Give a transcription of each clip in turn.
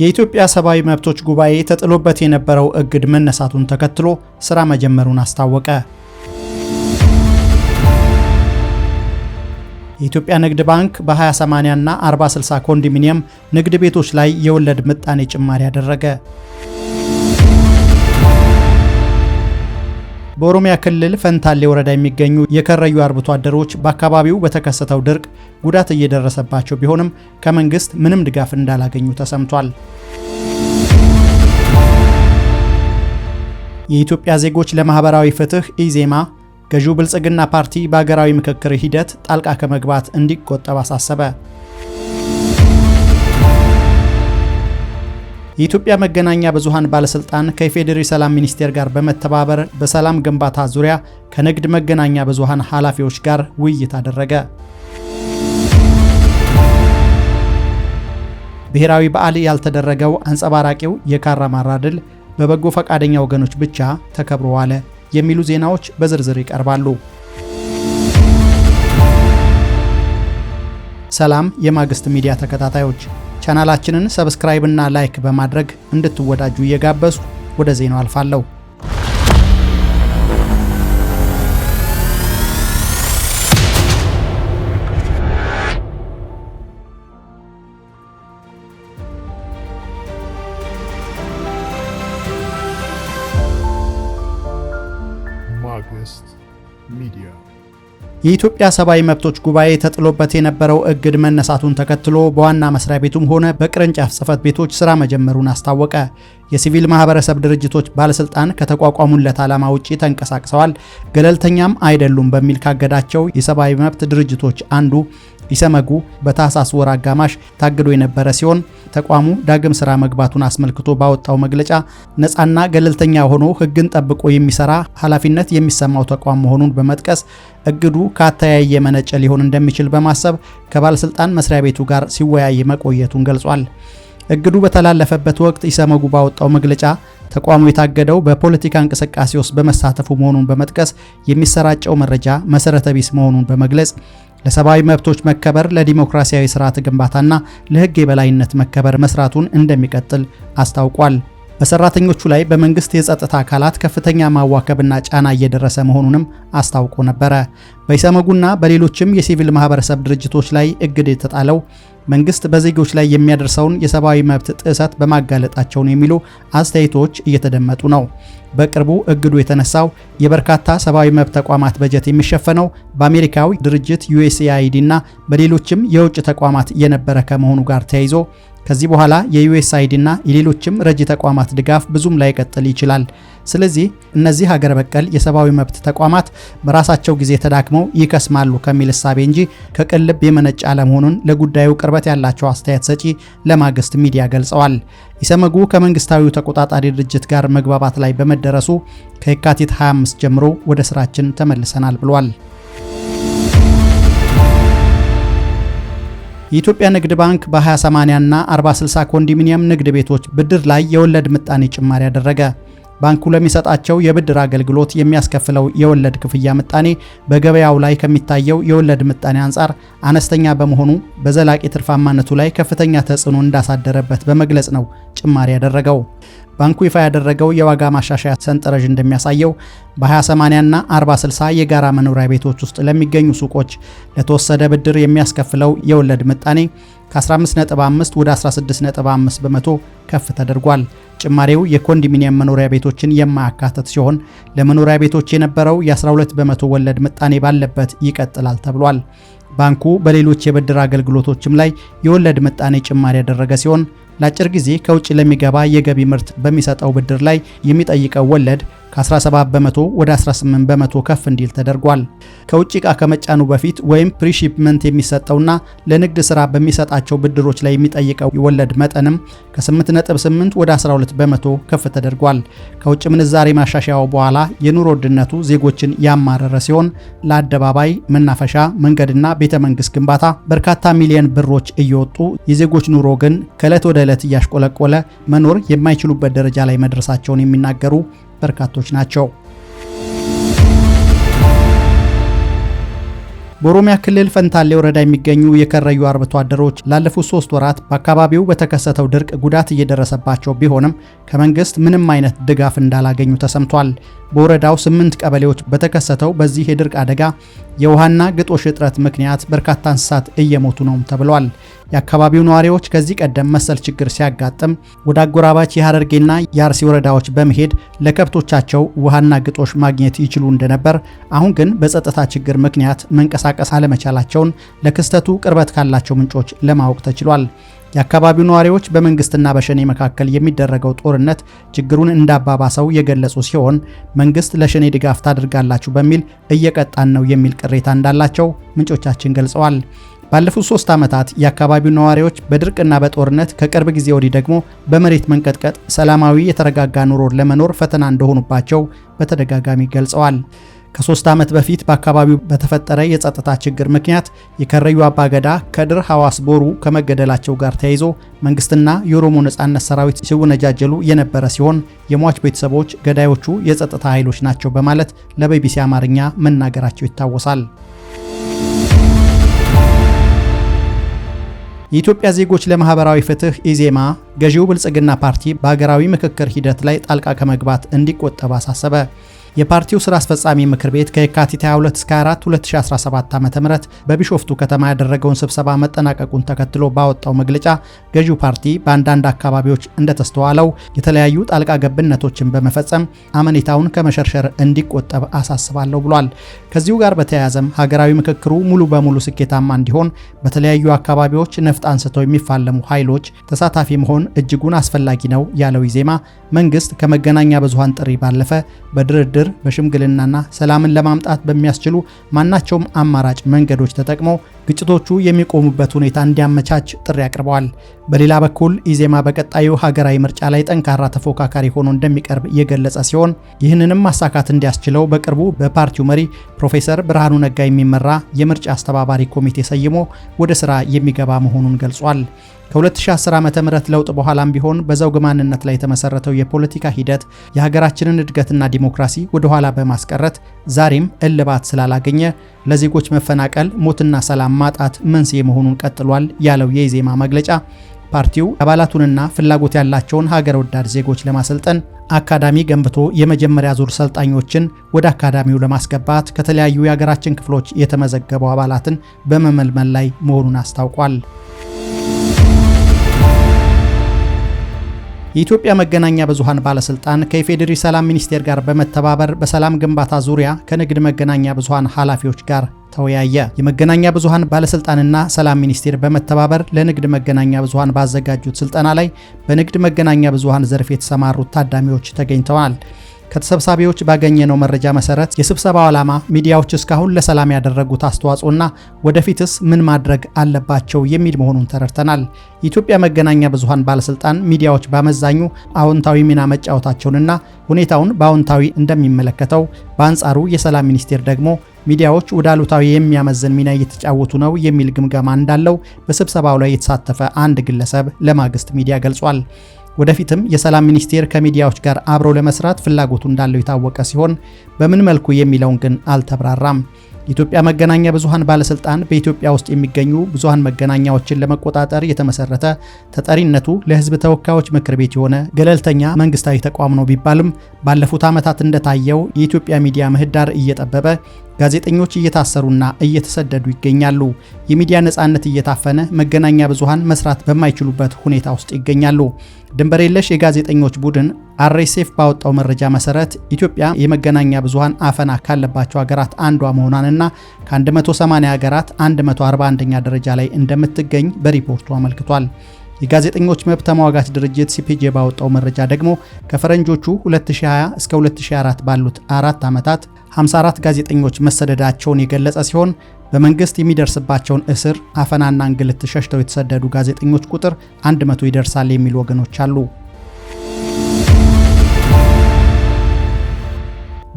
የኢትዮጵያ ሰብአዊ መብቶች ጉባኤ ተጥሎበት የነበረው እግድ መነሳቱን ተከትሎ ስራ መጀመሩን አስታወቀ። የኢትዮጵያ ንግድ ባንክ በ20/80 እና 40/60 ኮንዶሚኒየም ንግድ ቤቶች ላይ የወለድ ምጣኔ ጭማሪ አደረገ። በኦሮሚያ ክልል ፈንታሌ ወረዳ የሚገኙ የከረዩ አርብቶ አደሮች በአካባቢው በተከሰተው ድርቅ ጉዳት እየደረሰባቸው ቢሆንም ከመንግስት ምንም ድጋፍ እንዳላገኙ ተሰምቷል። የኢትዮጵያ ዜጎች ለማህበራዊ ፍትህ ኢዜማ ገዢው ብልጽግና ፓርቲ በአገራዊ ምክክር ሂደት ጣልቃ ከመግባት እንዲቆጠብ አሳሰበ። የኢትዮጵያ መገናኛ ብዙሃን ባለስልጣን ከኢፌዴሪ ሰላም ሚኒስቴር ጋር በመተባበር በሰላም ግንባታ ዙሪያ ከንግድ መገናኛ ብዙሃን ኃላፊዎች ጋር ውይይት አደረገ። ብሔራዊ በዓል ያልተደረገው አንጸባራቂው የካራ ማራ ድል በበጎ ፈቃደኛ ወገኖች ብቻ ተከብሮ ዋለ የሚሉ ዜናዎች በዝርዝር ይቀርባሉ። ሰላም የማግስት ሚዲያ ተከታታዮች ቻናላችንን እና ላይክ በማድረግ እንድትወዳጁ እየጋበዝኩ ወደ ዜናው አልፋለሁ። ማግስት ሚዲያ የኢትዮጵያ ሰብአዊ መብቶች ጉባኤ ተጥሎበት የነበረው እግድ መነሳቱን ተከትሎ በዋና መስሪያ ቤቱም ሆነ በቅርንጫፍ ጽህፈት ቤቶች ስራ መጀመሩን አስታወቀ። የሲቪል ማህበረሰብ ድርጅቶች ባለስልጣን ከተቋቋሙለት ዓላማ ውጪ ተንቀሳቅሰዋል፣ ገለልተኛም አይደሉም በሚል ካገዳቸው የሰብአዊ መብት ድርጅቶች አንዱ ኢሰመጉ በታህሳስ ወር አጋማሽ ታግዶ የነበረ ሲሆን ተቋሙ ዳግም ስራ መግባቱን አስመልክቶ ባወጣው መግለጫ ነፃና ገለልተኛ ሆኖ ህግን ጠብቆ የሚሰራ ኃላፊነት የሚሰማው ተቋም መሆኑን በመጥቀስ እግዱ ከአተያየ መነጨ ሊሆን እንደሚችል በማሰብ ከባለስልጣን መስሪያ ቤቱ ጋር ሲወያይ መቆየቱን ገልጿል። እግዱ በተላለፈበት ወቅት ኢሰመጉ ባወጣው መግለጫ ተቋሙ የታገደው በፖለቲካ እንቅስቃሴ ውስጥ በመሳተፉ መሆኑን በመጥቀስ የሚሰራጨው መረጃ መሰረተ ቢስ መሆኑን በመግለጽ ለሰብአዊ መብቶች መከበር፣ ለዲሞክራሲያዊ ስርዓት ግንባታና ለህግ የበላይነት መከበር መስራቱን እንደሚቀጥል አስታውቋል። በሰራተኞቹ ላይ በመንግስት የጸጥታ አካላት ከፍተኛ ማዋከብና ጫና እየደረሰ መሆኑንም አስታውቆ ነበረ። በኢሰመጉና በሌሎችም የሲቪል ማህበረሰብ ድርጅቶች ላይ እግድ የተጣለው መንግስት በዜጎች ላይ የሚያደርሰውን የሰብአዊ መብት ጥሰት በማጋለጣቸው ነው የሚሉ አስተያየቶች እየተደመጡ ነው። በቅርቡ እግዱ የተነሳው የበርካታ ሰብአዊ መብት ተቋማት በጀት የሚሸፈነው በአሜሪካዊ ድርጅት ዩኤስኤአይዲ እና በሌሎችም የውጭ ተቋማት የነበረ ከመሆኑ ጋር ተያይዞ ከዚህ በኋላ የዩኤስአይዲ እና የሌሎችም ረጂ ተቋማት ድጋፍ ብዙም ላይቀጥል ይችላል። ስለዚህ እነዚህ ሀገር በቀል የሰብአዊ መብት ተቋማት በራሳቸው ጊዜ ተዳክመው ይከስማሉ ከሚል እሳቤ እንጂ ከቅልብ ልብ የመነጭ አለመሆኑን ለጉዳዩ ቅርበት ያላቸው አስተያየት ሰጪ ለማግስት ሚዲያ ገልጸዋል። ኢሰመጉ ከመንግስታዊው ተቆጣጣሪ ድርጅት ጋር መግባባት ላይ በመደረሱ ከየካቲት 25 ጀምሮ ወደ ስራችን ተመልሰናል ብሏል። የኢትዮጵያ ንግድ ባንክ በ20/80 እና 40/60 ኮንዶሚኒየም ንግድ ቤቶች ብድር ላይ የወለድ ምጣኔ ጭማሪ አደረገ። ባንኩ ለሚሰጣቸው የብድር አገልግሎት የሚያስከፍለው የወለድ ክፍያ ምጣኔ በገበያው ላይ ከሚታየው የወለድ ምጣኔ አንጻር አነስተኛ በመሆኑ በዘላቂ ትርፋማነቱ ላይ ከፍተኛ ተጽዕኖ እንዳሳደረበት በመግለጽ ነው ጭማሪ ያደረገው። ባንኩ ይፋ ያደረገው የዋጋ ማሻሻያ ሰንጠረዥ እንደሚያሳየው በ20/80 እና 40/60 የጋራ መኖሪያ ቤቶች ውስጥ ለሚገኙ ሱቆች ለተወሰደ ብድር የሚያስከፍለው የወለድ ምጣኔ ከ15.5 ወደ 16.5 በመቶ ከፍ ተደርጓል። ጭማሪው የኮንዶሚኒየም መኖሪያ ቤቶችን የማያካተት ሲሆን ለመኖሪያ ቤቶች የነበረው የ12 በመቶ ወለድ ምጣኔ ባለበት ይቀጥላል ተብሏል። ባንኩ በሌሎች የብድር አገልግሎቶችም ላይ የወለድ ምጣኔ ጭማሪ ያደረገ ሲሆን ለአጭር ጊዜ ከውጭ ለሚገባ የገቢ ምርት በሚሰጠው ብድር ላይ የሚጠይቀው ወለድ ከ17 በመቶ ወደ 18 በመቶ ከፍ እንዲል ተደርጓል። ከውጭ ዕቃ ከመጫኑ በፊት ወይም ፕሪሺፕመንት የሚሰጠውና ለንግድ ሥራ በሚሰጣቸው ብድሮች ላይ የሚጠይቀው የወለድ መጠንም ከ8.8 ወደ 12 በመቶ ከፍ ተደርጓል። ከውጭ ምንዛሬ ማሻሻያው በኋላ የኑሮ ውድነቱ ዜጎችን ያማረረ ሲሆን ለአደባባይ መናፈሻ፣ መንገድና ቤተ መንግስት ግንባታ በርካታ ሚሊዮን ብሮች እየወጡ የዜጎች ኑሮ ግን ከዕለት ወደ ዕለት እያሽቆለቆለ መኖር የማይችሉበት ደረጃ ላይ መድረሳቸውን የሚናገሩ በርካቶች ናቸው። በኦሮሚያ ክልል ፈንታሌ ወረዳ የሚገኙ የከረዩ አርብቶ አደሮች ላለፉት ሶስት ወራት በአካባቢው በተከሰተው ድርቅ ጉዳት እየደረሰባቸው ቢሆንም ከመንግስት ምንም አይነት ድጋፍ እንዳላገኙ ተሰምቷል። በወረዳው ስምንት ቀበሌዎች በተከሰተው በዚህ የድርቅ አደጋ የውሃና ግጦሽ እጥረት ምክንያት በርካታ እንስሳት እየሞቱ ነው ተብሏል። የአካባቢው ነዋሪዎች ከዚህ ቀደም መሰል ችግር ሲያጋጥም ወደ አጎራባች የሐረርጌና የአርሲ ወረዳዎች በመሄድ ለከብቶቻቸው ውሃና ግጦሽ ማግኘት ይችሉ እንደነበር፣ አሁን ግን በጸጥታ ችግር ምክንያት መንቀሳቀስ አለመቻላቸውን ለክስተቱ ቅርበት ካላቸው ምንጮች ለማወቅ ተችሏል። የአካባቢው ነዋሪዎች በመንግስትና በሸኔ መካከል የሚደረገው ጦርነት ችግሩን እንዳባባሰው የገለጹ ሲሆን መንግስት ለሸኔ ድጋፍ ታደርጋላችሁ በሚል እየቀጣን ነው የሚል ቅሬታ እንዳላቸው ምንጮቻችን ገልጸዋል። ባለፉት ሶስት ዓመታት የአካባቢው ነዋሪዎች በድርቅና በጦርነት ከቅርብ ጊዜ ወዲህ ደግሞ በመሬት መንቀጥቀጥ ሰላማዊ የተረጋጋ ኑሮን ለመኖር ፈተና እንደሆኑባቸው በተደጋጋሚ ገልጸዋል። ከሶስት ዓመት በፊት በአካባቢው በተፈጠረ የጸጥታ ችግር ምክንያት የከረዩ አባገዳ ከድር ሐዋስ ቦሩ ከመገደላቸው ጋር ተያይዞ መንግስትና የኦሮሞ ነጻነት ሰራዊት ሲወነጃጀሉ የነበረ ሲሆን የሟች ቤተሰቦች ገዳዮቹ የጸጥታ ኃይሎች ናቸው በማለት ለቢቢሲ አማርኛ መናገራቸው ይታወሳል። የኢትዮጵያ ዜጎች ለማህበራዊ ፍትህ ኢዜማ ገዢው ብልጽግና ፓርቲ በሀገራዊ ምክክር ሂደት ላይ ጣልቃ ከመግባት እንዲቆጠብ አሳሰበ። የፓርቲው ስራ አስፈጻሚ ምክር ቤት ከየካቲት 22 እስከ 4 2017 ዓ ም በቢሾፍቱ ከተማ ያደረገውን ስብሰባ መጠናቀቁን ተከትሎ ባወጣው መግለጫ ገዢው ፓርቲ በአንዳንድ አካባቢዎች እንደተስተዋለው የተለያዩ ጣልቃ ገብነቶችን በመፈጸም አመኔታውን ከመሸርሸር እንዲቆጠብ አሳስባለሁ ብሏል። ከዚሁ ጋር በተያያዘም ሀገራዊ ምክክሩ ሙሉ በሙሉ ስኬታማ እንዲሆን በተለያዩ አካባቢዎች ነፍጥ አንስተው የሚፋለሙ ኃይሎች ተሳታፊ መሆን እጅጉን አስፈላጊ ነው ያለው ኢዜማ መንግስት ከመገናኛ ብዙሃን ጥሪ ባለፈ በድርድር በድርድር በሽምግልናና ሰላምን ለማምጣት በሚያስችሉ ማናቸውም አማራጭ መንገዶች ተጠቅሞ ግጭቶቹ የሚቆሙበት ሁኔታ እንዲያመቻች ጥሪ አቅርበዋል። በሌላ በኩል ኢዜማ በቀጣዩ ሀገራዊ ምርጫ ላይ ጠንካራ ተፎካካሪ ሆኖ እንደሚቀርብ የገለጸ ሲሆን ይህንንም ማሳካት እንዲያስችለው በቅርቡ በፓርቲው መሪ ፕሮፌሰር ብርሃኑ ነጋ የሚመራ የምርጫ አስተባባሪ ኮሚቴ ሰይሞ ወደ ስራ የሚገባ መሆኑን ገልጿል። ከ2010 ዓ ም ለውጥ በኋላም ቢሆን በዘውግ ማንነት ላይ የተመሰረተው የፖለቲካ ሂደት የሀገራችንን እድገትና ዲሞክራሲ ወደኋላ በማስቀረት ዛሬም እልባት ስላላገኘ ለዜጎች መፈናቀል፣ ሞትና ሰላም ማጣት መንስኤ መሆኑን ቀጥሏል ያለው የኢዜማ መግለጫ ፓርቲው አባላቱንና ፍላጎት ያላቸውን ሀገር ወዳድ ዜጎች ለማሰልጠን አካዳሚ ገንብቶ የመጀመሪያ ዙር ሰልጣኞችን ወደ አካዳሚው ለማስገባት ከተለያዩ የሀገራችን ክፍሎች የተመዘገቡ አባላትን በመመልመል ላይ መሆኑን አስታውቋል። የኢትዮጵያ መገናኛ ብዙሃን ባለስልጣን ከኢፌዴሪ ሰላም ሚኒስቴር ጋር በመተባበር በሰላም ግንባታ ዙሪያ ከንግድ መገናኛ ብዙሃን ኃላፊዎች ጋር ተወያየ። የመገናኛ ብዙሃን ባለስልጣንና ሰላም ሚኒስቴር በመተባበር ለንግድ መገናኛ ብዙሃን ባዘጋጁት ስልጠና ላይ በንግድ መገናኛ ብዙሃን ዘርፍ የተሰማሩት ታዳሚዎች ተገኝተዋል። ከተሰብሳቢዎች ባገኘነው መረጃ መሰረት የስብሰባው ዓላማ ሚዲያዎች እስካሁን ለሰላም ያደረጉት አስተዋጽኦና ወደፊትስ ምን ማድረግ አለባቸው የሚል መሆኑን ተረድተናል። የኢትዮጵያ መገናኛ ብዙሃን ባለስልጣን ሚዲያዎች በአመዛኙ አዎንታዊ ሚና መጫወታቸውንና ሁኔታውን በአዎንታዊ እንደሚመለከተው፣ በአንጻሩ የሰላም ሚኒስቴር ደግሞ ሚዲያዎች ወደ አሉታዊ የሚያመዝን ሚና እየተጫወቱ ነው የሚል ግምገማ እንዳለው በስብሰባው ላይ የተሳተፈ አንድ ግለሰብ ለማግስት ሚዲያ ገልጿል። ወደፊትም የሰላም ሚኒስቴር ከሚዲያዎች ጋር አብሮ ለመስራት ፍላጎቱ እንዳለው የታወቀ ሲሆን በምን መልኩ የሚለውን ግን አልተብራራም። የኢትዮጵያ መገናኛ ብዙሃን ባለስልጣን በኢትዮጵያ ውስጥ የሚገኙ ብዙሃን መገናኛዎችን ለመቆጣጠር የተመሰረተ ተጠሪነቱ ለሕዝብ ተወካዮች ምክር ቤት የሆነ ገለልተኛ መንግስታዊ ተቋም ነው ቢባልም ባለፉት ዓመታት እንደታየው የኢትዮጵያ ሚዲያ ምህዳር እየጠበበ ጋዜጠኞች እየታሰሩና እየተሰደዱ ይገኛሉ። የሚዲያ ነጻነት እየታፈነ መገናኛ ብዙሃን መስራት በማይችሉበት ሁኔታ ውስጥ ይገኛሉ። ድንበር የለሽ የጋዜጠኞች ቡድን አርኤስኤፍ ባወጣው መረጃ መሰረት ኢትዮጵያ የመገናኛ ብዙሃን አፈና ካለባቸው ሀገራት አንዷ መሆኗንና ከ180 ሀገራት 141ኛ ደረጃ ላይ እንደምትገኝ በሪፖርቱ አመልክቷል። የጋዜጠኞች መብት ተሟጋች ድርጅት ሲፒጄ ባወጣው መረጃ ደግሞ ከፈረንጆቹ 2020 እስከ 2024 ባሉት አራት ዓመታት 54 ጋዜጠኞች መሰደዳቸውን የገለጸ ሲሆን በመንግስት የሚደርስባቸውን እስር፣ አፈናና እንግልት ሸሽተው የተሰደዱ ጋዜጠኞች ቁጥር 100 ይደርሳል የሚሉ ወገኖች አሉ።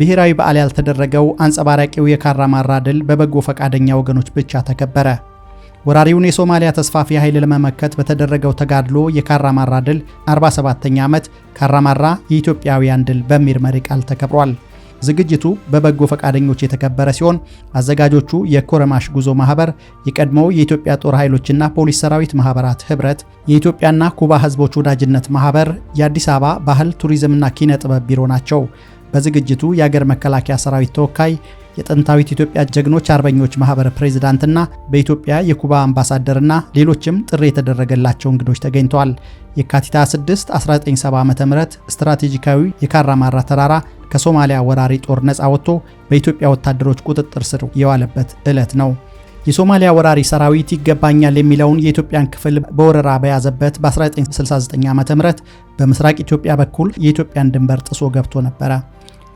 ብሔራዊ በዓል ያልተደረገው አንጸባራቂው የካራማራ ድል በበጎ ፈቃደኛ ወገኖች ብቻ ተከበረ። ወራሪውን የሶማሊያ ተስፋፊ ኃይል ለመመከት በተደረገው ተጋድሎ የካራማራ ድል 47ኛ ዓመት ካራማራ የኢትዮጵያውያን ድል በሚል መሪ ቃል ተከብሯል። ዝግጅቱ በበጎ ፈቃደኞች የተከበረ ሲሆን አዘጋጆቹ የኮረማሽ ጉዞ ማህበር፣ የቀድሞው የኢትዮጵያ ጦር ኃይሎችና ፖሊስ ሰራዊት ማህበራት ህብረት፣ የኢትዮጵያና ኩባ ህዝቦች ወዳጅነት ማህበር፣ የአዲስ አበባ ባህል ቱሪዝምና ኪነ ጥበብ ቢሮ ናቸው። በዝግጅቱ የአገር መከላከያ ሰራዊት ተወካይ የጥንታዊት ኢትዮጵያ ጀግኖች አርበኞች ማህበር ፕሬዚዳንትና በኢትዮጵያ የኩባ አምባሳደርና ሌሎችም ጥሪ የተደረገላቸው እንግዶች ተገኝተዋል። የካቲት 6 1970 ዓ.ም ስትራቴጂካዊ የካራማራ ተራራ ከሶማሊያ ወራሪ ጦር ነፃ ወጥቶ በኢትዮጵያ ወታደሮች ቁጥጥር ስር የዋለበት ዕለት ነው። የሶማሊያ ወራሪ ሰራዊት ይገባኛል የሚለውን የኢትዮጵያን ክፍል በወረራ በያዘበት በ1969 ም በምስራቅ ኢትዮጵያ በኩል የኢትዮጵያን ድንበር ጥሶ ገብቶ ነበረ።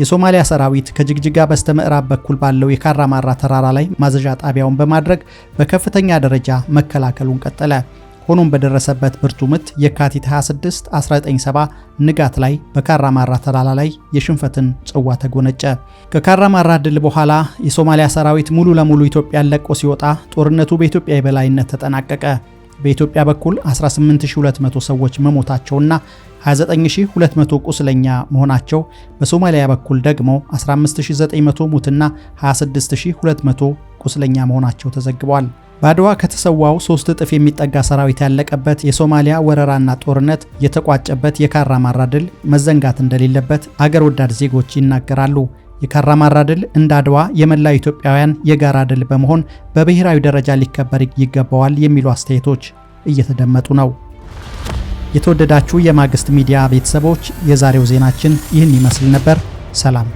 የሶማሊያ ሰራዊት ከጅግጅጋ በስተምዕራብ በኩል ባለው የካራማራ ተራራ ላይ ማዘዣ ጣቢያውን በማድረግ በከፍተኛ ደረጃ መከላከሉን ቀጠለ። ሆኖም በደረሰበት ብርቱ ምት የካቲት 26 1970 ንጋት ላይ በካራማራ ተራራ ላይ የሽንፈትን ጽዋ ተጎነጨ። ከካራማራ ድል በኋላ የሶማሊያ ሰራዊት ሙሉ ለሙሉ ኢትዮጵያን ለቆ ሲወጣ ጦርነቱ በኢትዮጵያ የበላይነት ተጠናቀቀ። በኢትዮጵያ በኩል 18200 ሰዎች መሞታቸውና 29200 ቁስለኛ መሆናቸው፣ በሶማሊያ በኩል ደግሞ 15900 ሙትና 26200 ቁስለኛ መሆናቸው ተዘግቧል። በአድዋ ከተሰዋው ሶስት እጥፍ የሚጠጋ ሰራዊት ያለቀበት የሶማሊያ ወረራና ጦርነት የተቋጨበት የካራማራ ድል መዘንጋት እንደሌለበት አገር ወዳድ ዜጎች ይናገራሉ። የካራማራ ድል እንደ አድዋ የመላው ኢትዮጵያውያን የጋራ ድል በመሆን በብሔራዊ ደረጃ ሊከበር ይገባዋል የሚሉ አስተያየቶች እየተደመጡ ነው። የተወደዳችሁ የማግስት ሚዲያ ቤተሰቦች የዛሬው ዜናችን ይህን ይመስል ነበር። ሰላም